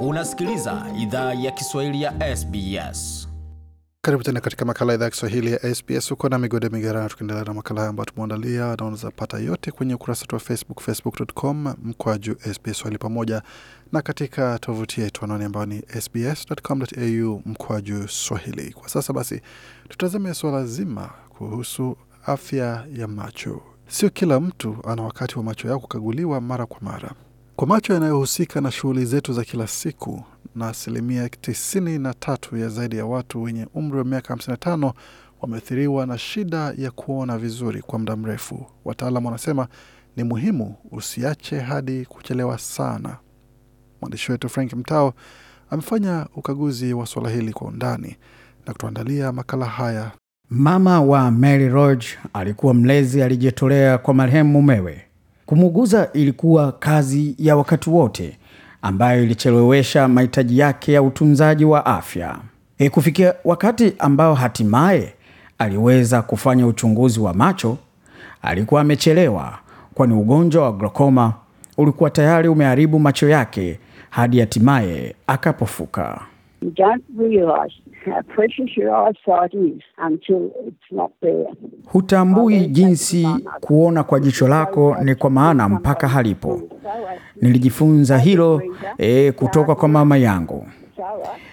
Unasikiliza idhaa ya Kiswahili ya SBS. Karibu tena katika makala idhaa ya Kiswahili ya SBS. Uko na Migode Migarana, tukiendelea na makala hayo ambayo tumeandalia, na unaweza pata yote kwenye ukurasa wetu wa Facebook, facebook.com mkwaju SBS Swahili, pamoja na katika tovuti yetu anaoni ambayo ni sbs.com.au mkwaju Swahili. Kwa sasa basi, tutazame suala zima kuhusu afya ya macho. Sio kila mtu ana wakati wa macho yao kukaguliwa mara kwa mara kwa macho yanayohusika na shughuli zetu za kila siku, na asilimia 93 tatu ya zaidi ya watu wenye umri wa miaka 55 wameathiriwa na shida ya kuona vizuri kwa muda mrefu. Wataalam wanasema ni muhimu usiache hadi kuchelewa sana. Mwandishi wetu Frank Mtao amefanya ukaguzi wa suala hili kwa undani na kutuandalia makala haya. Mama wa Mary Roge alikuwa mlezi alijitolea kwa marehemu mumewe Kumuuguza ilikuwa kazi ya wakati wote ambayo ilichelewesha mahitaji yake ya utunzaji wa afya. E, kufikia wakati ambao hatimaye aliweza kufanya uchunguzi wa macho, alikuwa amechelewa, kwani ugonjwa wa glaucoma ulikuwa tayari umeharibu macho yake hadi hatimaye akapofuka. Hutambui jinsi kuona kwa jicho lako ni kwa maana mpaka halipo. Nilijifunza hilo e, kutoka kwa mama yangu.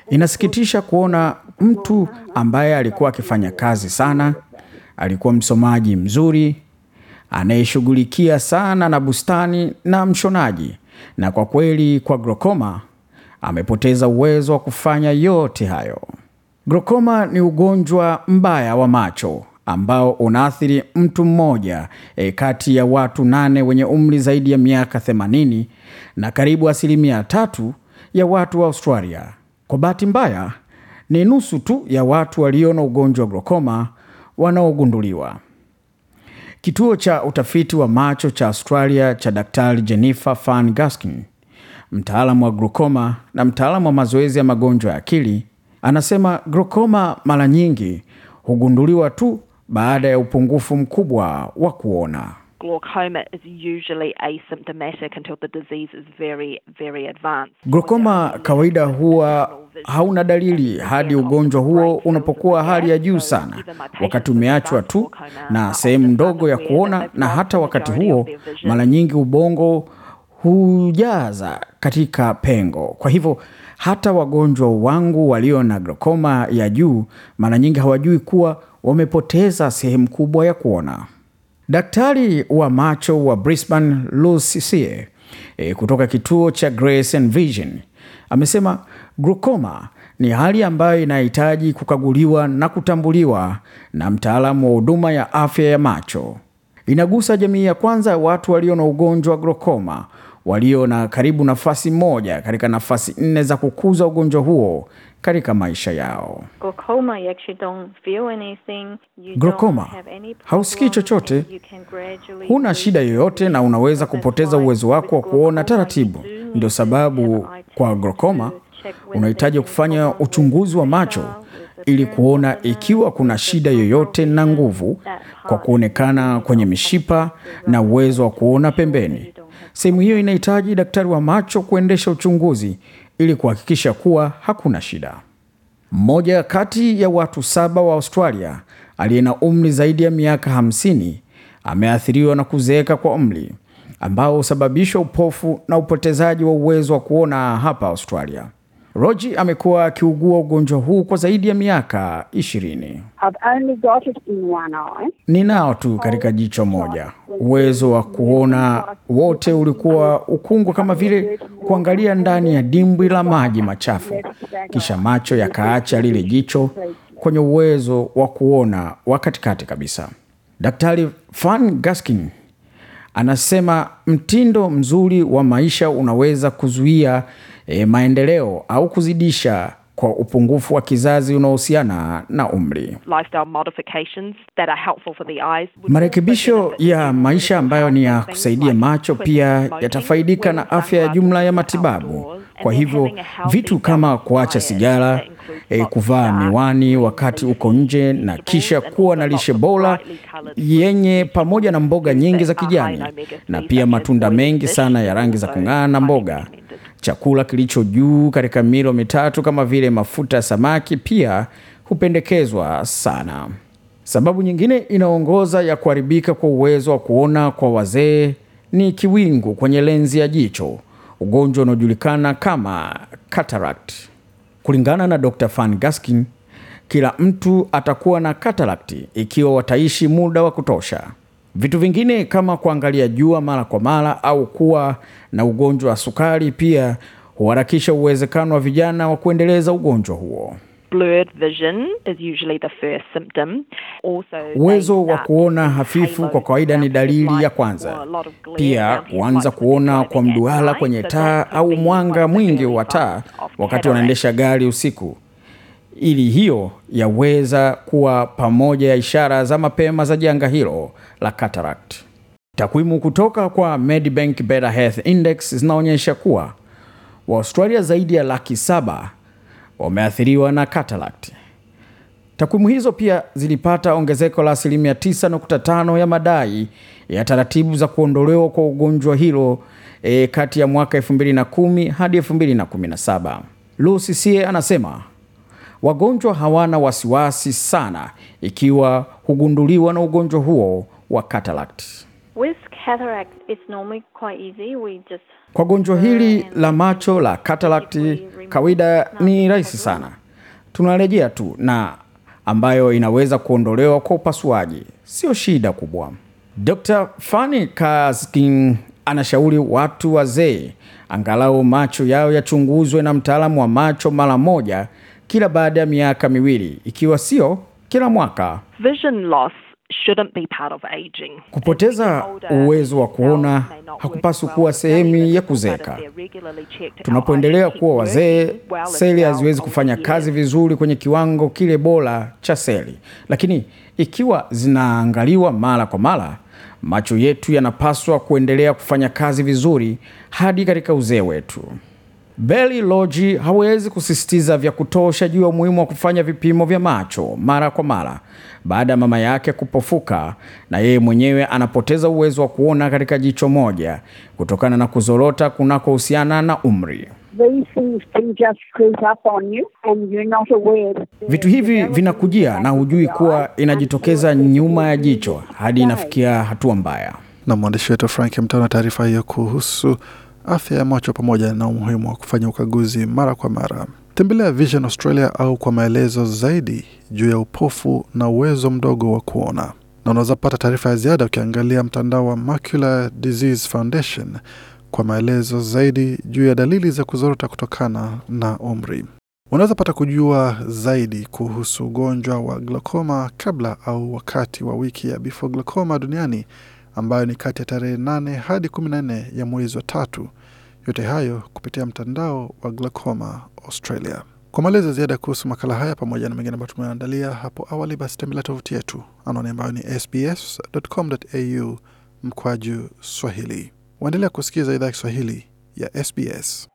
Inasikitisha kuona mtu ambaye alikuwa akifanya kazi sana, alikuwa msomaji mzuri, anayeshughulikia sana na bustani na mshonaji, na kwa kweli kwa glaucoma amepoteza uwezo wa kufanya yote hayo. Glaucoma ni ugonjwa mbaya wa macho ambao unaathiri mtu mmoja e, kati ya watu nane wenye umri zaidi ya miaka 80 na karibu asilimia tatu ya watu wa Australia. Kwa bahati mbaya, ni nusu tu ya watu walio na ugonjwa wa glaucoma wanaogunduliwa. Kituo cha utafiti wa macho cha Australia cha Daktari Jennifer Fan Gaskin, mtaalamu wa glaucoma na mtaalamu wa mazoezi ya magonjwa ya akili Anasema glaucoma mara nyingi hugunduliwa tu baada ya upungufu mkubwa wa kuona. Glaucoma kawaida huwa hauna dalili hadi ugonjwa huo unapokuwa hali ya juu sana, wakati umeachwa tu na sehemu ndogo ya kuona, na hata wakati huo mara nyingi ubongo hujaza katika pengo. Kwa hivyo hata wagonjwa wangu walio na glokoma ya juu mara nyingi hawajui kuwa wamepoteza sehemu kubwa ya kuona. Daktari wa macho wa brisban Lucie e, eh, kutoka kituo cha Grace and Vision amesema glaucoma ni hali ambayo inahitaji kukaguliwa na kutambuliwa na mtaalamu wa huduma ya afya ya macho. Inagusa jamii ya kwanza ya watu walio na ugonjwa wa glokoma walio na karibu nafasi moja katika nafasi nne za kukuza ugonjwa huo katika maisha yao. Glaucoma, hausikii chochote, huna shida yoyote, na unaweza kupoteza uwezo wako wa kuona taratibu. Ndio sababu kwa glaucoma unahitaji kufanya uchunguzi wa macho ili kuona ikiwa kuna shida yoyote na nguvu kwa kuonekana kwenye mishipa na uwezo wa kuona pembeni. Sehemu hiyo inahitaji daktari wa macho kuendesha uchunguzi ili kuhakikisha kuwa hakuna shida. Mmoja kati ya watu saba wa Australia aliye na umri zaidi ya miaka 50 ameathiriwa na kuzeeka kwa umri ambao husababishwa upofu na upotezaji wa uwezo wa kuona hapa Australia. Roji amekuwa akiugua ugonjwa huu kwa zaidi ya miaka ishirini. Ninao tu katika jicho moja. Uwezo wa kuona wote ulikuwa ukungwa, kama vile kuangalia ndani ya dimbwi la maji machafu, kisha macho yakaacha lile jicho kwenye uwezo wa kuona wa katikati kabisa. Daktari Van Gaskin anasema mtindo mzuri wa maisha unaweza kuzuia e, maendeleo au kuzidisha kwa upungufu wa kizazi unaohusiana na umri. Marekebisho ya maisha ambayo ni ya kusaidia macho pia yatafaidika na afya ya jumla ya matibabu. Kwa hivyo vitu kama kuacha sigara, e, kuvaa miwani wakati uko nje na kisha kuwa na lishe bora yenye pamoja na mboga nyingi za kijani na pia matunda mengi sana ya rangi za kung'aa na mboga Chakula kilicho juu katika milo mitatu kama vile mafuta ya samaki pia hupendekezwa sana. Sababu nyingine inaongoza ya kuharibika kwa uwezo wa kuona kwa wazee ni kiwingu kwenye lenzi ya jicho, ugonjwa unaojulikana kama cataract. Kulingana na Dr. Van Gaskin, kila mtu atakuwa na cataract ikiwa wataishi muda wa kutosha. Vitu vingine kama kuangalia jua mara kwa mara au kuwa na ugonjwa wa sukari pia huharakisha uwezekano wa vijana wa kuendeleza ugonjwa huo. Blurred vision is usually the first symptom. Also, uwezo wa kuona hafifu kwa kawaida ni dalili ya kwanza. Pia kuanza kuona kwa mduara kwenye taa au mwanga mwingi wa taa wakati wanaendesha gari usiku ili hiyo yaweza kuwa pamoja ya ishara za mapema za janga hilo la cataract. Takwimu kutoka kwa Medibank Better Health Index zinaonyesha kuwa Waaustralia zaidi ya laki saba wameathiriwa na cataract. Takwimu hizo pia zilipata ongezeko la asilimia 9.5 ya madai ya taratibu za kuondolewa kwa ugonjwa hilo e, kati ya mwaka 2010 hadi 2017. Lucy Sie anasema Wagonjwa hawana wasiwasi sana ikiwa hugunduliwa na ugonjwa huo wa cataract. With cataract it's normally quite easy. We just... Kwa gonjwa hili la macho la cataract kawaida ni rahisi sana, tunarejea tu na ambayo inaweza kuondolewa kwa upasuaji, sio shida kubwa. Dr. fani Kaskin anashauri watu wazee angalau macho yao yachunguzwe na mtaalamu wa macho mara moja kila baada ya miaka miwili, ikiwa sio kila mwaka. Vision loss shouldn't be part of aging. Kupoteza uwezo wa kuona hakupaswi kuwa sehemu ya kuzeeka. Tunapoendelea kuwa wazee, seli haziwezi kufanya kazi vizuri kwenye kiwango kile bora cha seli, lakini ikiwa zinaangaliwa mara kwa mara, macho yetu yanapaswa kuendelea kufanya kazi vizuri hadi katika uzee wetu beli Lodge hawezi kusisitiza vya kutosha juu ya umuhimu wa kufanya vipimo vya macho mara kwa mara baada ya mama yake kupofuka na yeye mwenyewe anapoteza uwezo wa kuona katika jicho moja kutokana na kuzorota kunakohusiana na umri. Vitu hivi vinakujia na hujui kuwa inajitokeza nyuma ya jicho hadi inafikia hatua mbaya. Na mwandishi wetu Frank Mtano, taarifa hiyo kuhusu afya ya macho pamoja na umuhimu wa kufanya ukaguzi mara kwa mara. Tembelea Vision Australia au kwa maelezo zaidi juu ya upofu na uwezo mdogo wa kuona, na unaweza pata taarifa ya ziada ukiangalia mtandao wa Macular Disease Foundation kwa maelezo zaidi juu ya dalili za kuzorota kutokana na umri. Unaweza pata kujua zaidi kuhusu ugonjwa wa glaucoma kabla au wakati wa wiki ya Before Glaucoma duniani ambayo ni kati ya tarehe 8 hadi 14 ya mwezi wa tatu. Yote hayo kupitia mtandao wa Glaucoma Australia. Kwa maelezo ya ziada kuhusu makala haya pamoja na mengine ambayo tumeandalia hapo awali, basi tembelea tovuti yetu anaoni ambayo ni sbs.com.au mkwaju Swahili. Waendelea kusikiza idhaa ya Kiswahili ya SBS.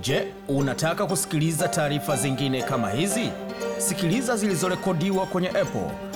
Je, unataka kusikiliza taarifa zingine kama hizi? Sikiliza zilizorekodiwa kwenye Apple,